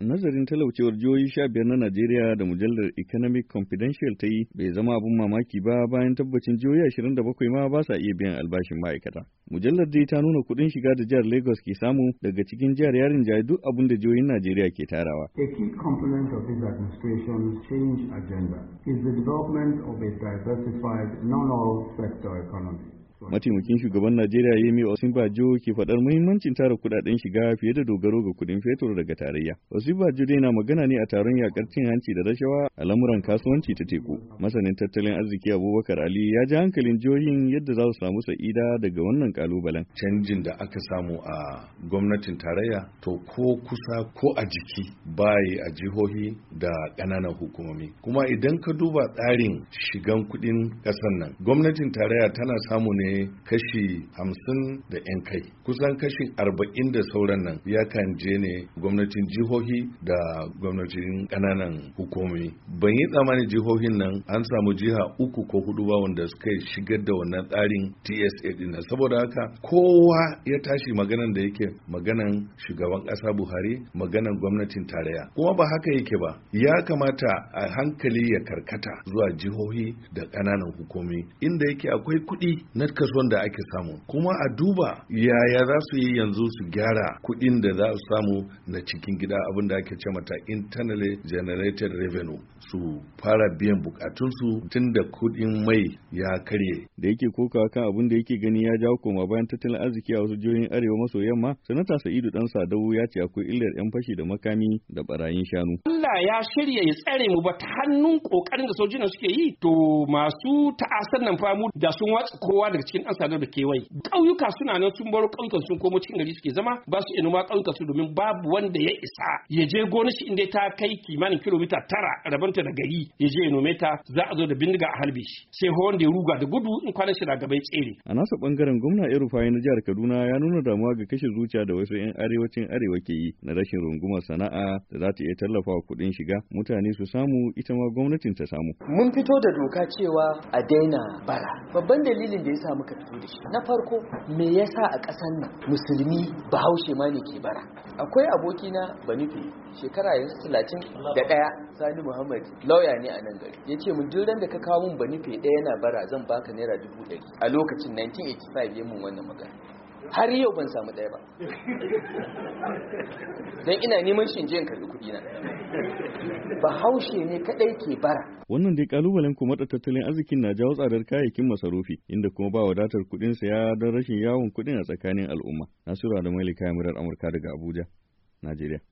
Nazarin talaucewar jihohi sha biyar na Najeriya da mujallar Economic Confidential ta yi bai zama abin mamaki ba bayan tabbacin jihohi ashirin da bakwai ma ba sa iya biyan albashin ma'aikata. Mujallar dai ta nuna kuɗin shiga da jihar Lagos ke samu daga cikin jihar yarin jaya duk abin da jihohin Najeriya ke tarawa. A key component of this administration's change agenda is the development of a diversified non-oil sector economy. mataimakin shugaban najeriya yemi osinbajo ke faɗar muhimmancin tara kudaden shiga fiye da dogaro ga kuɗin fetur daga tarayya osinbajo dai na magana ne a taron yakar cin hanci da rashawa a lamuran kasuwanci ta teku masanin tattalin arziki abubakar ali ya ji hankalin jihohin yadda za su samu sa'ida daga wannan kalubalen canjin da aka samu a gwamnatin tarayya to ko kusa ko a jiki bayi a jihohi da ƙananan hukumomi kuma idan ka duba tsarin shigan kuɗin ƙasar nan gwamnatin tarayya tana samu ne ne kashi hamsin da 'yan kai kusan kashi arba'in da sauran nan ya kan je ne gwamnatin jihohi da gwamnatin kananan hukumomi ban yi tsammani jihohin nan an samu jiha uku ko hudu ba wanda suka shigar da wannan tsarin tsa din saboda haka kowa ya tashi maganan da yake maganan shugaban ƙasa buhari maganan gwamnatin tarayya kuma ba haka yake ba ya kamata a hankali ya karkata zuwa jihohi da kananan hukumi inda yake akwai kuɗi na kason da ake samu kuma a duba yaya za su yi yanzu su gyara kuɗin da za su samu na cikin gida abin ake ce mata internally generated revenue su fara biyan bukatunsu tun da kuɗin mai ya karye da yake kokawa kan abin da yake gani ya jawo koma bayan tattalin arziki a wasu jihohin arewa maso yamma sanata sa'idu dan sadau ya ce akwai illar yan fashi da makami da barayin shanu Allah ya shirya ya tsare mu ba ta hannun kokarin da sojojin suke yi to masu ta'asar nan famu da sun watsa kowa daga cikin ɗan sadar da kewaye ƙauyuka suna nan sun baro ƙauyukan sun komo cikin gari suke zama ba su inuma ƙauyukan su domin babu wanda ya isa ya je gona shi inda ta kai kimanin kilomita tara rabanta da gari ya je ya nome ta za a zo da bindiga a halbe shi sai da ya ruga da gudu in kwana shi na gabai tsere a nasa ɓangaren gwamna rufa na jihar Kaduna ya nuna damuwa ga kashe zuciya da wasu 'yan arewacin arewa ke yi na rashin rungumar sana'a da za ta iya tallafawa wa kuɗin shiga mutane su samu ita ma gwamnatin ta samu. Mun fito da doka cewa a daina bara. Babban dalilin da ya sa muka fito da shi na farko me yasa a ƙasar nan musulmi bahaushe ma ne ke bara akwai abokina banife shekara yanzu talatin da ɗaya sani muhammad lauya ne a nan gari ya ce mun jiran da ka kawo mun banife ɗaya na bara zan baka naira dubu ɗari a lokacin 1985 ya mun wannan magana har yau ban samu ɗaya ba don ina neman shi in karbi kuɗi na bahaushe ne kadai ke bara wannan dai kalubalen kuma da tattalin arzikin na jawo tsadar kayayyakin masarufi inda kuma ba wadatar kuɗin saya don rashin yawon kuɗin a tsakanin al'umma nasiru da mailika murar amurka daga abuja najeriya